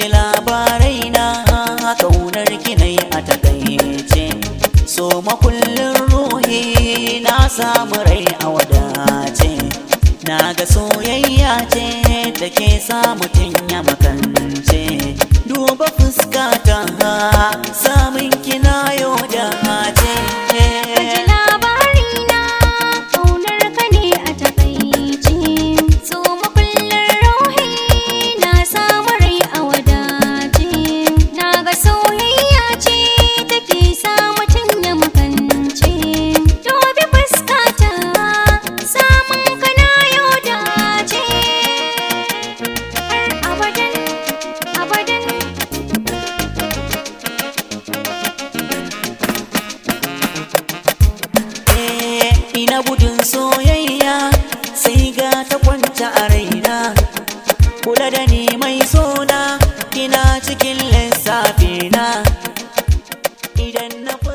ji labarai na kaunar kinai a takaice so makullin ruhi na samu rai a wadace na ga soyayya ce take sa mutum ya makance duba fuskata na gudun soyayya sai ga ta kwanta a raina kula da ni mai sona Ina cikin lissafina idan na